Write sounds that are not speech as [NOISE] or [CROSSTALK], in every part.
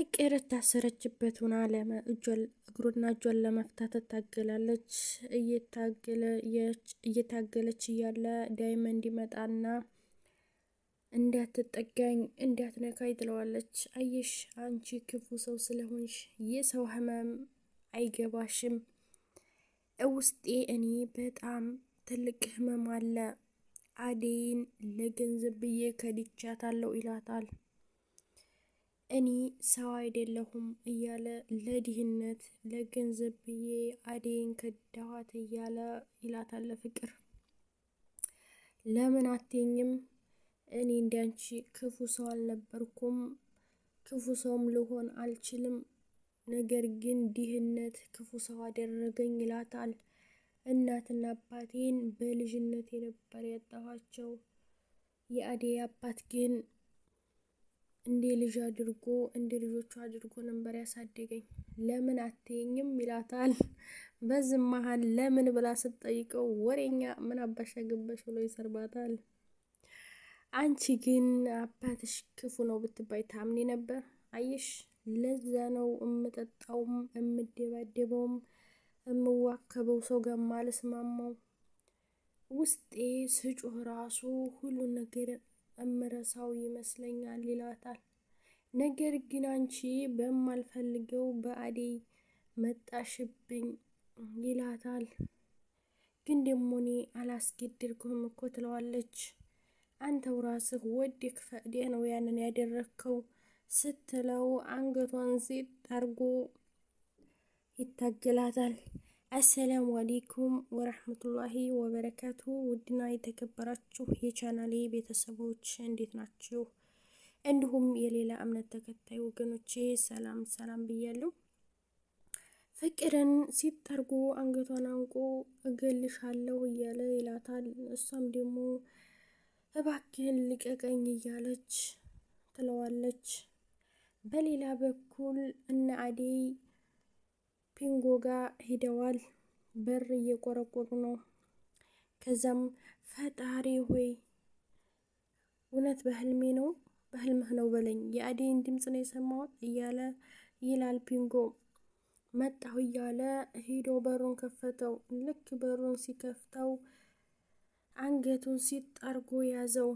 ፍቅር እታሰረችበት ሆና እግሩና እጇን ለመፍታት ታገላለች። እየታገለች እያለ ዳይመንድ ይመጣና እንዳትጠጋኝ እንዳትነካኝ ትለዋለች። አየሽ አንቺ ክፉ ሰው ስለሆንሽ የሰው ህመም አይገባሽም። ውስጤ እኔ በጣም ትልቅ ህመም አለ። አዴይን ለገንዘብ ብዬ ከድቻታለሁ ይላታል። እኔ ሰው አይደለሁም እያለ ለድህነት ለገንዘብ ብዬ አዴን ከዳኋት እያለ ይላታል ለፍቅር። ለምን አትኝም? እኔ እንዳንቺ ክፉ ሰው አልነበርኩም፣ ክፉ ሰውም ልሆን አልችልም። ነገር ግን ድህነት ክፉ ሰው አደረገኝ ይላታል። እናትና አባቴን በልጅነት የነበር ያጣኋቸው። የአዴ አባት ግን እንደ ልጅ አድርጎ እንደ ልጆቹ አድርጎ ነበር ያሳደገኝ። ለምን አትይኝም ይላታል። በዚህ መሀል ለምን ብላ ስትጠይቀው ወሬኛ ምን አባሻ ገባሽ ብሎ ይሰርባታል። አንቺ ግን አባትሽ ክፉ ነው ብትባይ ታምኔ ነበር። አየሽ፣ ለዛ ነው እምጠጣውም እምደባደበውም እምዋከበው ሰው ጋር ማልስማማው ውስጤ ስጩህ ራሱ ሁሉ ነገር እምረሳው ይመስለኛል ይላታል። ነገር ግን አንቺ በማልፈልገው በአደይ መጣሽብኝ ይላታል። ግን ደግሞ እኔ አላስገድልኩም እኮ ትለዋለች። አንተው ራስህ ወደህ ፈቅደህ ነው ያንን ያደረግከው ስትለው አንገቷን ሴት አርጎ ይታገላታል። አሰላሙ አሌይኩም ወረህመቱላሂ ወበረካቱ። ውድና የተከበራችሁ የቻናሌ ቤተሰቦች እንዴት ናችሁ? እንዲሁም የሌላ እምነት ተከታይ ወገኖቼ ሰላም ሰላም ብያለሁ። ፍቅርን ሲጠርጉ አንገቷን አንቆ እገልሻለሁ እያለ ይላታል። እሷም ደግሞ እባክህን ልቀቀኝ እያለች ትለዋለች። በሌላ በኩል እነ አዴይ ፒንጎ ጋር ሂደዋል። በር እየቆረቆሩ ነው። ከዛም ፈጣሪ ሆይ እውነት በህልሜ ነው በህልምህ ነው በለኝ፣ የአዴን ድምፅ ነው የሰማሁት እያለ ይላል ፒንጎ። መጣሁ እያለ ሂዶ በሩን ከፈተው። ልክ በሩን ሲከፍተው አንገቱን ሲጣርጎ ያዘው።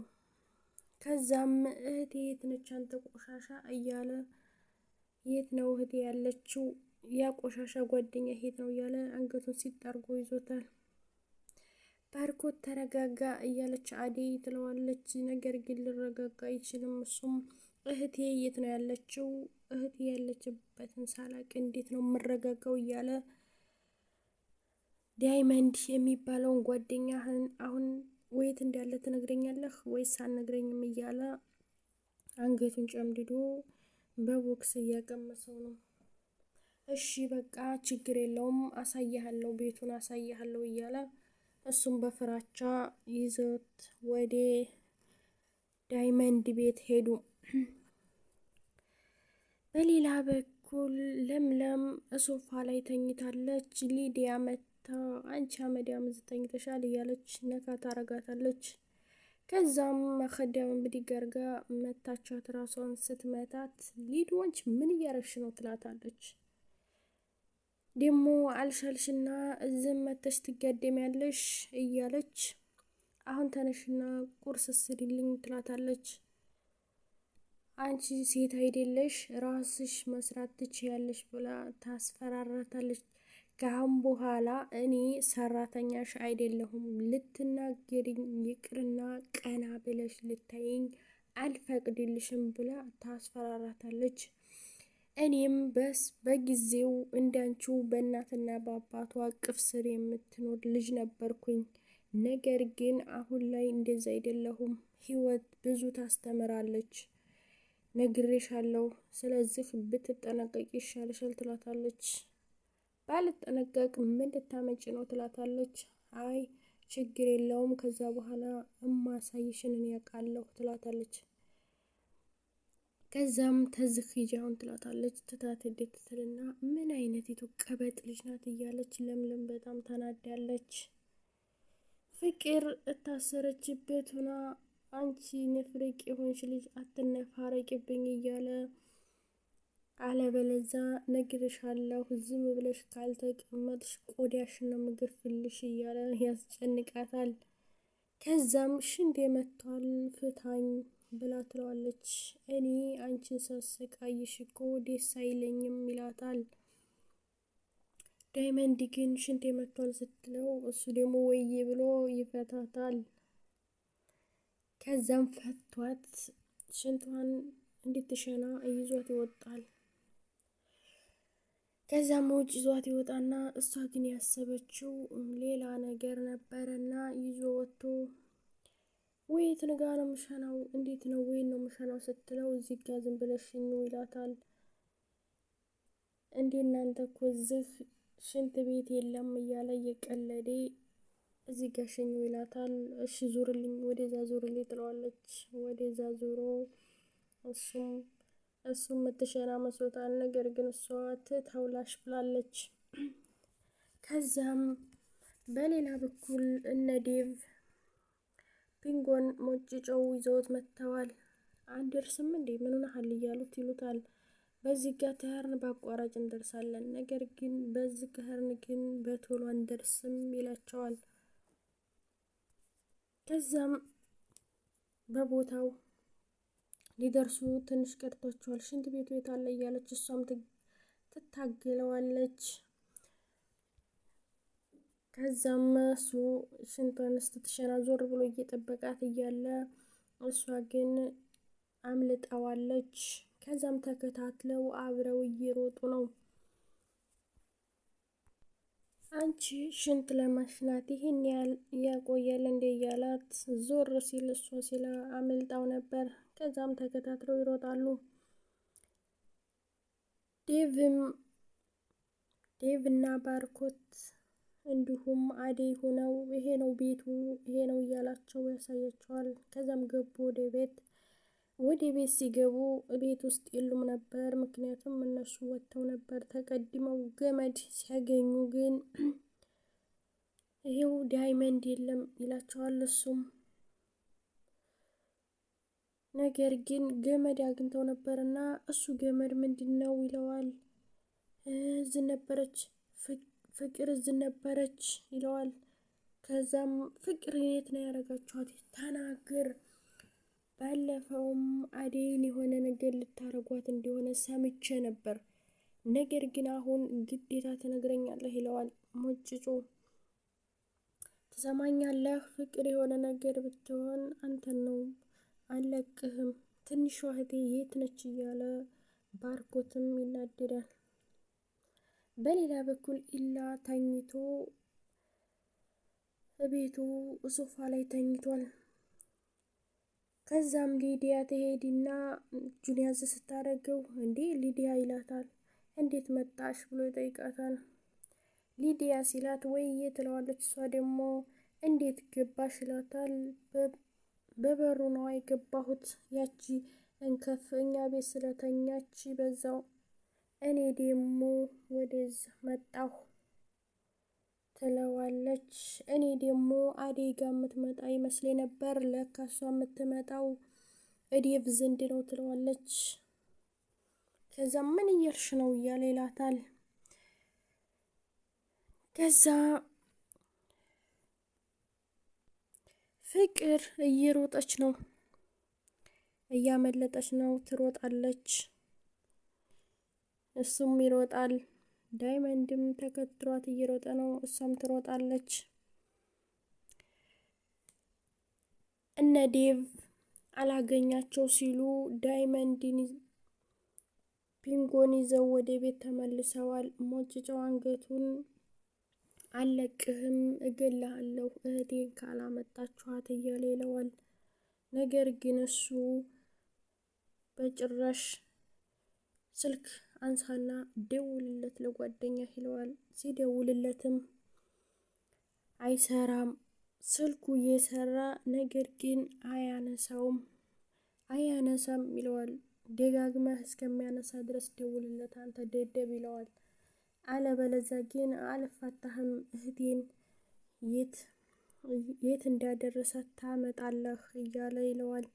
ከዛም እህቴ የት ነች አንተ ቆሻሻ እያለ የት ነው እህቴ ያለችው? ያ ቆሻሻ ጓደኛ ሄት ነው እያለ አንገቱን ሲጣርጎ ይዞታል። ባርኮት ተረጋጋ እያለች አደይ ትለዋለች። ነገር ግን ልረጋጋ አይችልም። እሱም እህቴ የት ነው ያለችው? እህቴ ያለችበትን ሳላቅ እንዴት ነው የምረጋጋው? እያለ ዳይመንድ የሚባለውን ጓደኛህን አሁን ወየት እንዳለ ትነግረኛለህ ወይስ አልነግረኝም? እያለ አንገቱን ጨምድዶ በቦክስ እያቀመሰው ነው። እሺ በቃ ችግር የለውም አሳይሃለሁ፣ ቤቱን አሳይሃለሁ እያለ እሱም በፍራቻ ይዞት ወደ ዳይመንድ ቤት ሄዱ። በሌላ በኩል ለምለም እሶፋ ላይ ተኝታለች። ሊዲያ መታ አንቺ አመዲያም እዚህ ተኝተሻል እያለች ነካ ታረጋታለች። ከዛም መከዳውን ብድጋርጋ መታቻት ራሷን ስትመታት ሊዱ ወንች ምን እያረግሽ ነው ትላታለች። ደግሞ አልሻልሽና እዝም መተሽ ትጋደሚያለሽ እያለች አሁን ተነሽና ቁርስ ስሪልኝ ትላታለች። አንቺ ሴት አይደለሽ ራስሽ መስራት ትችያለሽ ብላ ታስፈራራታለች። ከአሁን በኋላ እኔ ሰራተኛሽ አይደለሁም ልትናገሪኝ ይቅርና ቀና ብለሽ ልታይኝ አልፈቅድልሽም ብላ ታስፈራራታለች። እኔም በስ በጊዜው እንዳንቹ በእናትና በአባቷ ቅፍ ስር የምትኖር ልጅ ነበርኩኝ። ነገር ግን አሁን ላይ እንደዚ አይደለሁም። ህይወት ብዙ ታስተምራለች። ነግሬሻለሁ፣ ስለዚህ ብትጠነቀቅ ይሻልሻል ትላታለች። ባልጠነቀቅ ምን ልታመጭ ነው ትላታለች። አይ ችግር የለውም ከዛ በኋላ እማሳይሽንን ያቃለሁ ትላታለች። ከዛም ተዝህ ሂጂ አሁን ትላታለች። ትታት ሂደት ትልና ምን አይነት ቀበጥ ልጅ ናት እያለች ለምለም በጣም ታናዳለች። ፍቅር እታሰረችበት ሆና አንቺ ንፍርቅ የሆንሽ ልጅ አትነፋረቂብኝ እያለ አለበለዛ ነግርሻለሁ፣ ዝም ብለሽ ካልተቀመጥሽ ቆዳሽን ነው ፍልሽ እያለ ያስጨንቃታል። ከዛም ሽንዴ መጥቷል፣ ፍታኝ ብላ ትለዋለች። እኔ አንቺን ሳሰቃይሽ እኮ ደስ አይለኝም ይላታል። ዳይመንድ ግን ሽንት መቷል ስትለው እሱ ደግሞ ወይዬ ብሎ ይፈታታል። ከዛም ፈቷት ሽንቷን እንድትሸና ይዟት ይወጣል። ከዛም ውጭ ይዟት ይወጣና እሷ ግን ያሰበችው ሌላ ነገር ነበረና ይዞ ወጥቶ ወይት የት ነው ምሸናው? እንዴት ነው ወይ ነው ምሸናው ስትለው እዚህ ጋ ዝም ብለሽኝ ይላታል። እንዴ እናንተ እኮ እዚህ ሽንት ቤት የለም እያለ እየቀለዴ እዚህ ጋ ሽኝ ይላታል። እሺ ዙርልኝ፣ ወደዛ ዙርልኝ ትለዋለች። ወደዛ ዙሮ እሱም እሱም ምትሸና መስሎታል። ነገር ግን እሷ ትታውላሽ ብላለች። [CLEARS THROAT] ከዛም በሌላ በኩል እነ ዴቭ ሞጭ ጨው ይዘውት መጥተዋል። አንደርስም እንዴ ምን ሆነሃል እያሉት ይሉታል። በዚህ ጋር ተህርን በአቋራጭ እንደርሳለን፣ ነገር ግን በዚህ ከህርን ግን በቶሎ አንደርስም ይላቸዋል። ከዛም በቦታው ሊደርሱ ትንሽ ቀርቷቸዋል። ሽንት ቤቱ የታለ እያለች እሷም ትታገለዋለች። ከዛም እሱ ሽንቷን ስትሸና ዞር ብሎ እየጠበቃት እያለ እሷ ግን አምልጣዋለች። ከዛም ተከታትለው አብረው እየሮጡ ነው። አንቺ ሽንት ለማሽናት ይህን ያቆያል እንዴ እያላት ዞር ሲል እሷ ሲላ አምልጣው ነበር። ከዛም ተከታትለው ይሮጣሉ። ዴቭም ዴቭ እና ባርኮት እንዲሁም አደይ ሆነው ይሄ ነው ቤቱ ይሄ ነው እያላቸው ያሳያቸዋል። ከዛም ገቡ ወደ ቤት። ወደ ቤት ሲገቡ ቤት ውስጥ የሉም ነበር፣ ምክንያቱም እነሱ ወጥተው ነበር ተቀድመው። ገመድ ሲያገኙ ግን [CLEARS THROAT] ይሄው ዳይመንድ የለም ይላቸዋል። እሱም ነገር ግን ገመድ አግኝተው ነበር እና እሱ ገመድ ምንድን ነው ይለዋል። እዚህ ነበረች ፍቅር እዚህ ነበረች ይለዋል። ከዛም ፍቅር የት ነው ያደረጋችኋት? ተናግር። ባለፈውም አዴይን የሆነ ነገር ልታረጓት እንደሆነ ሰምቼ ነበር፣ ነገር ግን አሁን ግዴታ ትነግረኛለህ ይለዋል። ሞጭጮ ትሰማኛለህ? ፍቅር የሆነ ነገር ብትሆን አንተን ነው አለቅህም። ትንሿ እህቴ የት ነች እያለ ባርኮትም ይናደዳል። በሌላ በኩል ኢላ ተኝቶ ቤቱ ሶፋ ላይ ተኝቷል። ከዛም ሊዲያ ትሄድና እጁን ያዝ ስታደርገው እንዴ ሊዲያ ይላታል። እንዴት መጣሽ ብሎ ይጠይቃታል። ሊዲያ ሲላት ወይዬ ትለዋለች። እሷ ደግሞ እንዴት ገባሽ ይላታል። በበሩ ነዋ የገባሁት ያቺ እንከፍ እኛ ቤት ስለተኛች በዛው እኔ ደግሞ ወደዛ መጣሁ ትለዋለች። እኔ ደግሞ አዴጋ የምትመጣ ይመስለኝ ነበር፣ ለካ እሷ የምትመጣው እዴቭ ዘንድ ነው ትለዋለች። ከዛ ምን እየርሽ ነው እያለ ይላታል። ከዛ ፍቅር እየሮጠች ነው እያመለጠች ነው ትሮጣለች። እሱም ይሮጣል። ዳይመንድም ተከትሏት እየሮጠ ነው። እሷም ትሮጣለች። እነ ዴቭ አላገኛቸው ሲሉ ዳይመንድን ፒንጎን ይዘው ወደ ቤት ተመልሰዋል። ሞጭጫው አንገቱን አለቅህም እገላሃለሁ እህቴን ካላመጣችኋት እያለ ይለዋል። ነገር ግን እሱ በጭራሽ ስልክ አንሳና ደውልለት ለጓደኛ ይለዋል። ሲደውልለትም አይሰራም። ስልኩ እየሰራ ነገር ግን አያነሳውም። አያነሳም ይለዋል። ደጋግመህ እስከሚያነሳ ድረስ ደውልለት አንተ ደደብ ይለዋል። አለበለዛ ግን አልፋታህም፣ እህቴን የት የት ታመጣለህ እያለ ይለዋል።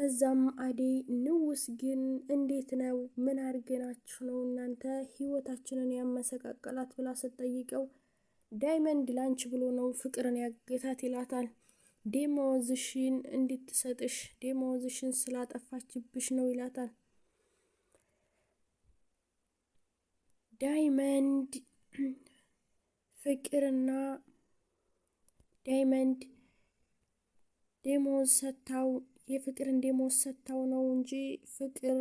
ከዛም አደይ ንውስ ግን እንዴት ነው ምን አድርገናችሁ ነው እናንተ ህይወታችንን ያመሰቃቀላት ብላ ስትጠይቀው ዳይመንድ ላንች ብሎ ነው ፍቅርን ያገታት ይላታል። ዴሞዝሽን እንድትሰጥሽ ዴሞዝሽን ስላጠፋችብሽ ነው ይላታል። ዳይመንድ ፍቅርና ዳይመንድ ዴሞዝ ሰጥታው የፍቅር እንደሞት ሰጥታው ነው እንጂ ፍቅር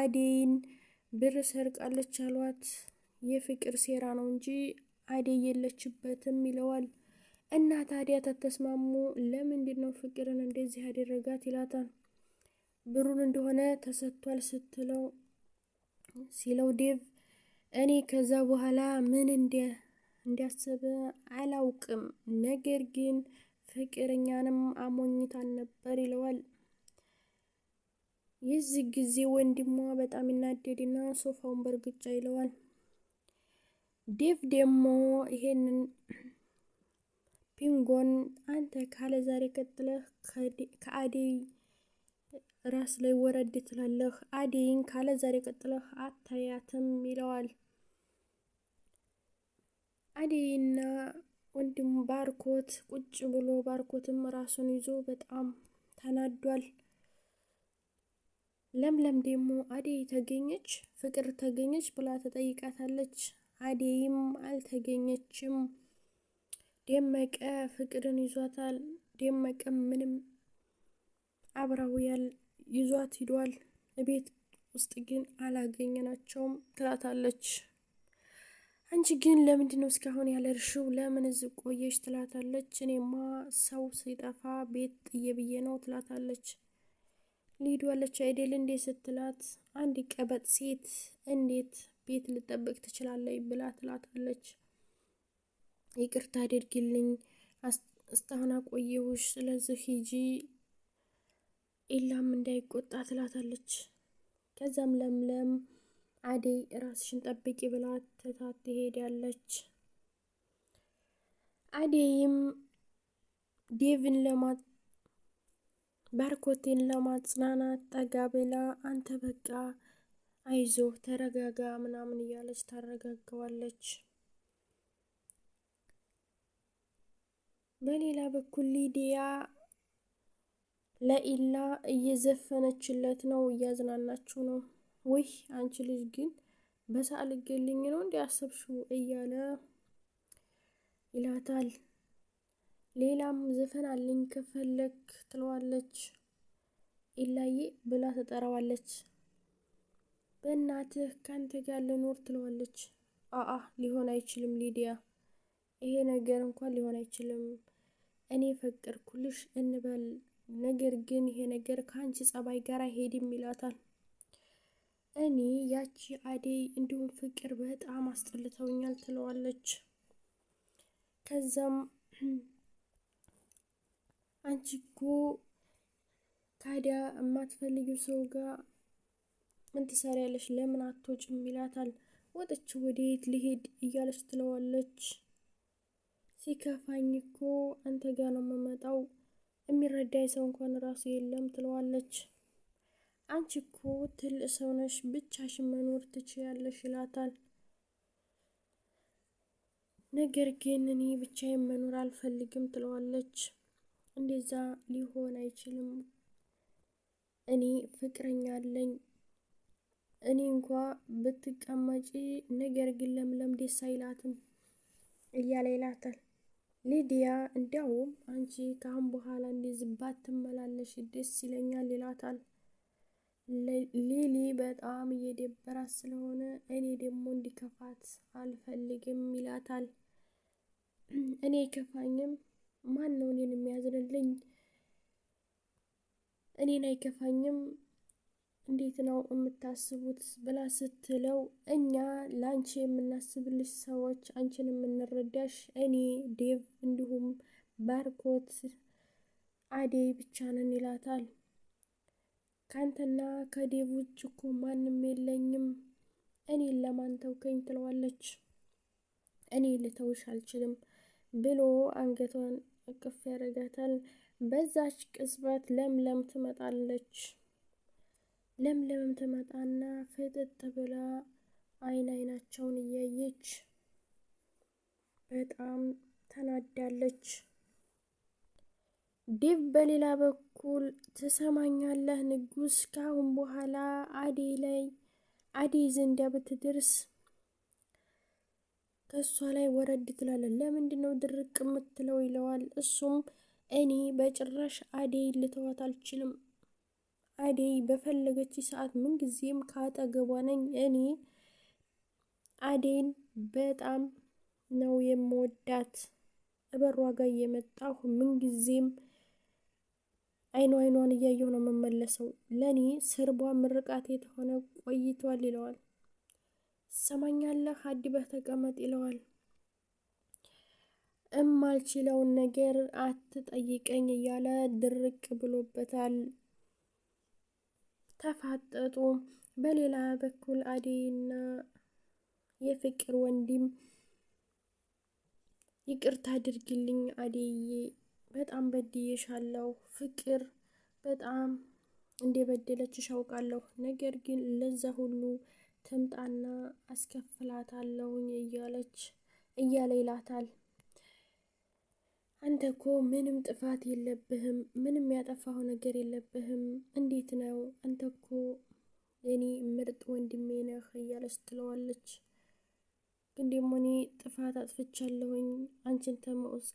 አደይን ብር ሰርቃለች አሏት። የፍቅር ሴራ ነው እንጂ አደይ የለችበትም ይለዋል። እና ታዲያ ተተስማሙ። ለምንድን ነው ፍቅርን እንደዚህ ያደረጋት ይላታል። ብሩን እንደሆነ ተሰጥቷል ስትለው ሲለው ዴቭ እኔ ከዛ በኋላ ምን እንዲያሰበ አላውቅም ነገር ግን ፍቅረኛንም አሞኝታን ነበር ይለዋል። የዚህ ጊዜ ወንድሟ በጣም ይናደድና ሶፋውን በእርግጫ ይለዋል። ዴቭ ደግሞ ይሄንን ፒንጎን አንተ ካለ ዛሬ ቀጥለህ ከአዴይ ራስ ላይ ወረድ ትላለህ፣ አዴይን ካለ ዛሬ ቀጥለህ አታያትም ይለዋል። አዴይና ወንድም ባርኮት ቁጭ ብሎ ባርኮትም ራሱን ይዞ በጣም ተናዷል። ለምለም ደግሞ አዴ ተገኘች ፍቅር ተገኘች ብላ ተጠይቃታለች። አዴይም አልተገኘችም። ደመቀ ፍቅርን ይዟታል። ደመቀም ምንም አብረው ያል ይዟት ሂዷል። እቤት ውስጥ ግን አላገኘናቸውም ትላታለች። አንቺ ግን ለምንድን ነው እስካሁን ያለርሽው? ለምን እዚህ ቆየሽ? ትላታለች። እኔማ ሰው ሲጠፋ ቤት ጥዬ ብዬ ነው ትላታለች። ሊዱ አለች አይደል እንዴ ስትላት፣ አንድ ቀበጥ ሴት እንዴት ቤት ልጠብቅ ትችላለች? ብላ ትላታለች። ይቅርታ አድርግልኝ እስታሁን አቆየሁሽ፣ ስለዚህ ሂጂ ኢላም እንዳይቆጣ ትላታለች። ከዛም ለምለም አደይ ራስሽን ጠብቂ ብላ ትታት ትሄዳለች። አደይም ዴቭን ለማ ባርኮቴን ለማጽናናት ጠጋ ብላ አንተ በቃ አይዞ ተረጋጋ ምናምን እያለች ታረጋገዋለች። በሌላ በኩል ሊዲያ ለኢላ እየዘፈነችለት ነው፣ እያዝናናችው ነው። ውይ አንቺ ልጅ ግን በሳ ልገልኝ ነው እንዲ አሰብሽው እያለ ይላታል። ሌላም ዘፈን አለኝ ከፈለክ ትለዋለች። ኢላዬ ብላ ትጠራዋለች። በእናትህ ካንተ ጋር ልኖር ትለዋለች። አአ ሊሆን አይችልም ሊዲያ፣ ይሄ ነገር እንኳን ሊሆን አይችልም። እኔ ፈቀድኩልሽ እንበል፣ ነገር ግን ይሄ ነገር ከአንቺ ጸባይ ጋር አይሄድም ይላታል። እኔ ያቺ አደይ እንዲሁም ፍቅር በጣም አስጠልተውኛል ትለዋለች። ከዛም አንቺ እኮ ታዲያ የማትፈልጊው ሰው ጋር ምን ትሰሪያለሽ? ለምን አትወጭም? ይላታል። ወጥቼ ወዴት ልሄድ እያለች ትለዋለች። ሲከፋኝ እኮ አንተ ጋር ነው የምመጣው፣ የሚረዳኝ ሰው እንኳን ራሱ የለም ትለዋለች። አንቺ እኮ ትልቅ ሰው ነሽ፣ ብቻሽን መኖር ትችያለሽ ይላታል። ነገር ግን እኔ ብቻዬን መኖር አልፈልግም ትለዋለች። እንደዛ ሊሆን አይችልም፣ እኔ ፍቅረኛ አለኝ። እኔ እንኳ ብትቀመጪ፣ ነገር ግን ለምለም ደስ አይላትም እያለ ይላታል። ሊዲያ እንዲያውም አንቺ ካሁን በኋላ እንደዚህ ባትመላለሽ ደስ ይለኛል ይላታል። ሊሊ በጣም እየደበራት ስለሆነ እኔ ደግሞ እንዲከፋት አልፈልግም ይላታል። እኔ አይከፋኝም፣ ማን ነው እኔን የሚያዝንልኝ? እኔን አይከፋኝም፣ እንዴት ነው የምታስቡት? ብላ ስትለው እኛ ለአንቺ የምናስብልሽ ሰዎች፣ አንቺን የምንረዳሽ እኔ፣ ዴቭ እንዲሁም ባርኮት፣ አዴይ ብቻ ነን ይላታል። ከአንተና ከዴቭ ውጭ እኮ ማንም የለኝም፣ እኔን ለማን ተውከኝ ትለዋለች። እኔ ልተውሽ አልችልም ብሎ አንገቷን እቅፍ ያደርጋታል። በዛች ቅጽበት ለምለም ትመጣለች። ለምለምም ትመጣና ፍጥጥ ብላ አይን አይናቸውን እያየች በጣም ተናዳለች። ዴቭ በሌላ በኩል ትሰማኛለህ፣ ንጉስ ካሁን በኋላ አዴ ላይ አዴ ዘንድ ብትደርስ ከእሷ ላይ ወረድ ትላለን። ለምንድን ነው ድርቅ የምትለው ይለዋል። እሱም እኔ በጭራሽ አዴ ልተዋት አልችልም። አደይ በፈለገች ሰዓት ምንጊዜም ካጠገቧ ነኝ። እኔ አዴን በጣም ነው የምወዳት። እበሯ ጋር የመጣሁ ምንጊዜም አይኑ አይኗን እያየሁ ነው የምመለሰው። ለእኔ ስርቧ ምርቃት የተሆነ ቆይቷል ይለዋል። ሰማኛለህ አዲበህ ተቀመጥ ይለዋል። እማልችለውን ነገር አትጠይቀኝ እያለ ድርቅ ብሎበታል። ተፋጠጡ። በሌላ በኩል አዴና የፍቅር ወንድም ይቅርታ አድርግልኝ አዴዬ በጣም በድዬሻለሁ ፍቅር በጣም እንደበደለችሽ አውቃለሁ። ነገር ግን ለዛ ሁሉ ትምጣና አስከፍላታለሁኝ እያለች እያለ ይላታል። አንተ እኮ ምንም ጥፋት የለብህም፣ ምንም ያጠፋው ነገር የለብህም። እንዴት ነው አንተ እኮ የኔ ምርጥ ወንድሜ ነህ እያለች ትለዋለች። ግን ደግሞ እኔ ጥፋት አጥፍቻለሁኝ አንቺን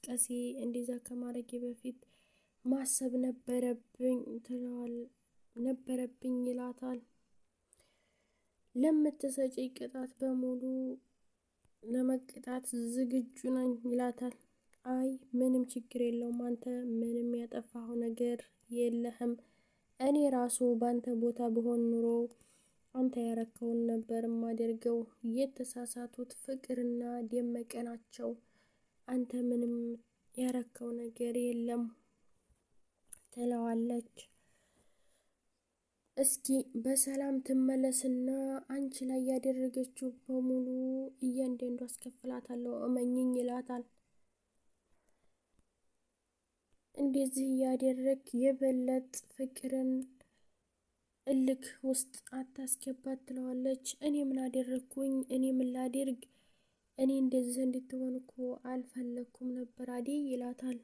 ቀሴ እንደዛ ከማድረጌ በፊት ማሰብ ነበረብኝ ትለዋል ነበረብኝ ይላታል። ለምትሰጪ ቅጣት በሙሉ ለመቅጣት ዝግጁ ነኝ ይላታል። አይ ምንም ችግር የለውም አንተ ምንም ያጠፋኸው ነገር የለህም። እኔ ራሱ በአንተ ቦታ ብሆን ኑሮ አንተ ያረከውን ነበር ማደርገው። የተሳሳቱት ፍቅርና ደመቀ ናቸው። አንተ ምንም ያረከው ነገር የለም ትለዋለች። እስኪ በሰላም ትመለስና አንቺ ላይ ያደረገችው በሙሉ እያንዳንዱ አስከፍላታለሁ እመኝኝ ይላታል። እንደዚህ እያደረግ የበለጥ ፍቅርን እልክ ውስጥ አታስገባት ትለዋለች። እኔ ምን አደረግኩኝ? እኔ ምን ላደርግ? እኔ እንደዚህ እንድትሆን እኮ አልፈለግኩም ነበር አዴ ይላታል።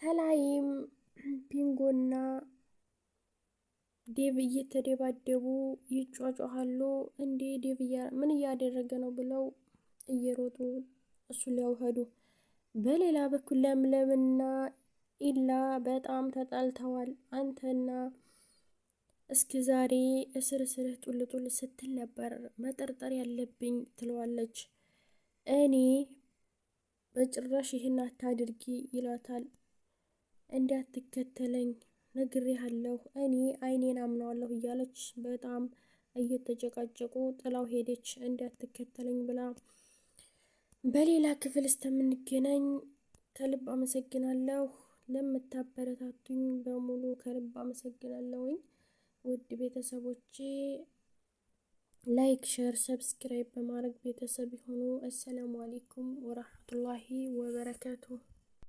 ተላይም ቢንጎና ዴቭ እየተደባደቡ ይጫጫሃሉ። እንዴ ዴቭ ምን እያደረገ ነው ብለው እየሮጡ እሱ ሊያውሄዱ። በሌላ በኩል ለምለምና ኢላ በጣም ተጣልተዋል። አንተና እስከ ዛሬ እስር ስርህ ጡል ጡል ስትል ነበር መጠርጠር ያለብኝ ትለዋለች። እኔ በጭራሽ ይህን አታድርጊ ይላታል። እንዳትከተለኝ ነግሬሃለሁ፣ እኔ አይኔን አምነዋለሁ እያለች በጣም እየተጨቃጨቁ ጥላው ሄደች። እንዳትከተለኝ ብላ በሌላ ክፍል እስከምንገናኝ ከልብ አመሰግናለሁ። ለምታበረታቱኝ በሙሉ ከልብ አመሰግናለሁኝ። ውድ ቤተሰቦቼ ላይክ፣ ሸር፣ ሰብስክራይብ በማድረግ ቤተሰብ የሆኑ አሰላሙ አሌይኩም ወራህመቱላሂ ወበረካቱ።